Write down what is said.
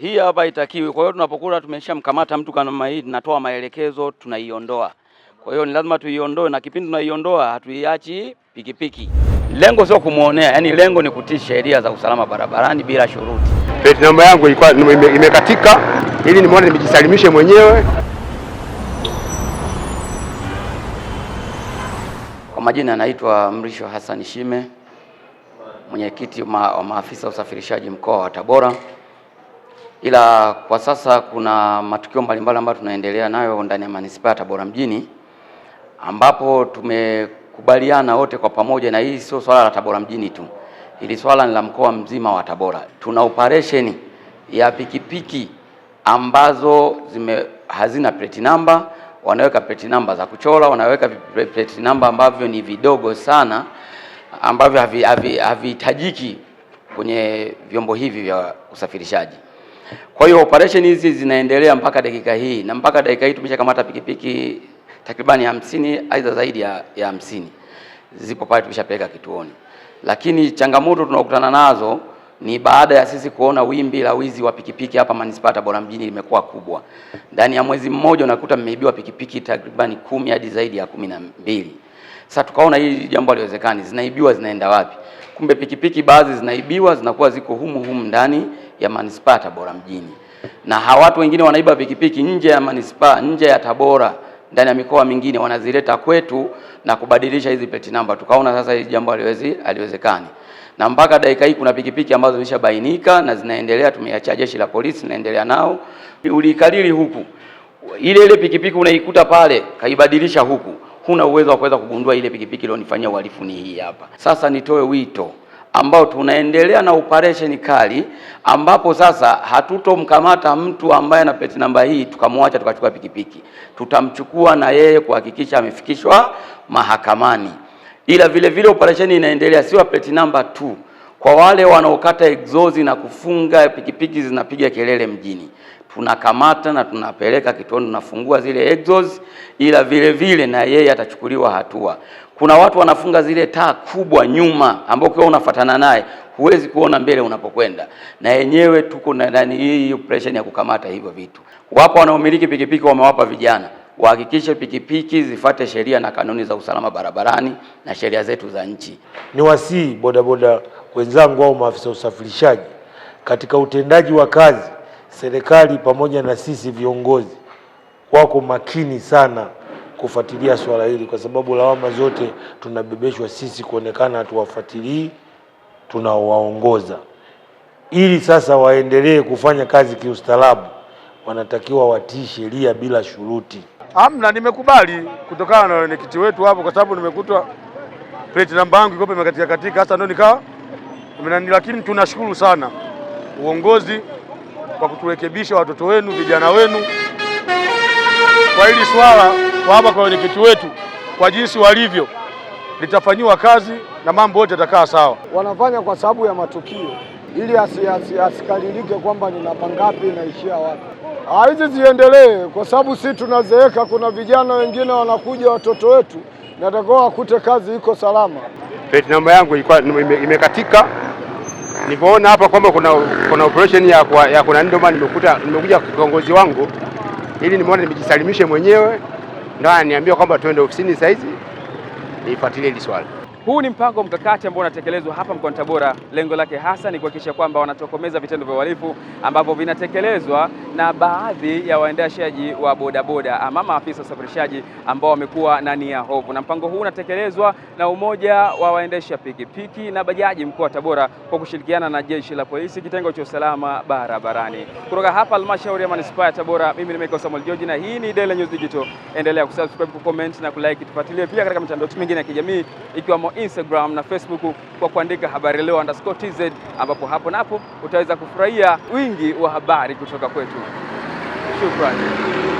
Hii hapa itakiwi Kwa hiyo tunapokula tumeshamkamata mtu kama hii, tunatoa maelekezo, tunaiondoa. Kwa hiyo ni lazima tuiondoe, na kipindi tunaiondoa hatuiachi pikipiki. Lengo sio kumwonea, yani lengo ni kutii sheria za usalama barabarani bila shuruti. Peti namba yangu ilikuwa imekatika, ili nimeona nimejisalimishe mwenyewe. Kwa majina anaitwa Mrisho Hassan Shime, mwenyekiti wa ma, maafisa usafirishaji mkoa wa Tabora ila kwa sasa kuna matukio mbalimbali ambayo tunaendelea nayo ndani ya manispaa ya Tabora mjini ambapo tumekubaliana wote kwa pamoja, na hili sio swala la Tabora mjini tu, hili swala ni la mkoa mzima wa Tabora. Tuna operation ya pikipiki ambazo zime hazina plate number, wanaweka plate number za kuchora, wanaweka plate number ambavyo ni vidogo sana ambavyo havihitajiki havi, havi kwenye vyombo hivi vya usafirishaji. Kwa hiyo operation hizi zinaendelea mpaka dakika hii, na mpaka dakika hii tumeshakamata pikipiki takribani hamsini, aidha zaidi ya hamsini zipo pale tumeshapeleka kituoni, lakini changamoto tunakutana nazo ni baada ya sisi kuona wimbi la wizi wa pikipiki hapa manispaa Tabora mjini limekuwa kubwa. Ndani ya mwezi mmoja unakuta mmeibiwa pikipiki takribani kumi hadi zaidi ya kumi na mbili. Sasa tukaona hii jambo haliwezekani, zinaibiwa zinaenda wapi? Kumbe pikipiki baadhi zinaibiwa zinakuwa ziko humu humu ndani ya manispaa Tabora mjini, na hawa watu wengine wanaiba pikipiki nje ya manispaa, nje ya Tabora, ndani ya mikoa mingine wanazileta kwetu na kubadilisha hizi plate number. Tukaona sasa hii jambo haliwezi haliwezekani, na mpaka dakika hii kuna pikipiki ambazo zimeshabainika na zinaendelea, tumeiachia jeshi la polisi, naendelea nao. Uliikariri huku ile ile pikipiki unaikuta pale, kaibadilisha huku huna uwezo wa kuweza kugundua ile pikipiki ilionifanyia uhalifu ni hii hapa. Sasa nitoe wito ambao tunaendelea na operesheni kali, ambapo sasa hatutomkamata mtu ambaye ana peti namba hii tukamwacha tukachukua pikipiki, tutamchukua na yeye kuhakikisha amefikishwa mahakamani. Ila vile vile operesheni inaendelea, wa peti namba tu, kwa wale wanaokata egzozi na kufunga pikipiki zinapiga kelele mjini tunakamata na tunapeleka kituoni, tunafungua zile exos, ila vile vile na yeye atachukuliwa hatua. Kuna watu wanafunga zile taa kubwa nyuma, ambao ukiwa unafuatana naye huwezi kuona mbele unapokwenda, na yenyewe tuko nani hii operation ya kukamata hivyo vitu. Wapo wanaomiliki pikipiki wamewapa vijana wahakikishe pikipiki zifate sheria na kanuni za usalama barabarani na sheria zetu za nchi. Ni wasii bodaboda wenzangu au maafisa usafirishaji katika utendaji wa kazi serikali pamoja na sisi viongozi wako makini sana kufuatilia swala hili, kwa sababu lawama zote tunabebeshwa sisi kuonekana hatuwafuatilii tunaowaongoza. Ili sasa waendelee kufanya kazi kiustaarabu, wanatakiwa watii sheria bila shuruti. Amna, nimekubali kutokana na wenyekiti wetu hapo, kwa sababu nimekutwa plate namba yangu iko imekatika katika, hasa ndio nikawa, lakini tunashukuru sana uongozi kwa kuturekebisha watoto wenu, vijana wenu kwa hili swala, kwa hapa kwa wenyekiti wetu, kwa jinsi walivyo litafanyiwa kazi na mambo yote yatakaa sawa. Wanafanya kwa sababu ya matukio ili asikalilike kwamba ni namba ngapi inaishia wapi. Hizi ziendelee kwa sababu si tunazeeka, kuna vijana wengine wanakuja, watoto wetu natakiwa wakute kazi iko salama. Plate namba yangu ilikuwa imekatika nilipoona hapa kwamba kuna, kuna operation ya, kwa, ya kuna ndio maana nimekuta nimekuja kiongozi wangu ili nimeona nimejisalimishe mwenyewe, ndio ananiambia kwamba tuende ofisini saizi nifuatilie hili swala. Huu ni mpango mkakati ambao unatekelezwa hapa mkoani Tabora. Lengo lake hasa ni kuhakikisha kwamba wanatokomeza vitendo vya uhalifu ambavyo vinatekelezwa na baadhi ya waendeshaji wa bodaboda ama maafisa usafirishaji ambao wamekuwa na nia hovu, na mpango huu unatekelezwa na Umoja wa Waendesha Pikipiki na Bajaji mkoa wa Tabora kwa kushirikiana na Jeshi la Polisi kitengo cha usalama barabarani. Kutoka hapa halmashauri ya manispaa ya Tabora, mimi ni Michael Samuel George na hii ni Daily News Digital. Endelea kusubscribe, kucomment na kulike, tufuatilie pia katika mitandao mingine ya kijamii ikiwamo Instagram na Facebook kwa kuandika habari leo underscore tz, ambapo hapo napo utaweza kufurahia wingi wa habari kutoka kwetu. Shukrani.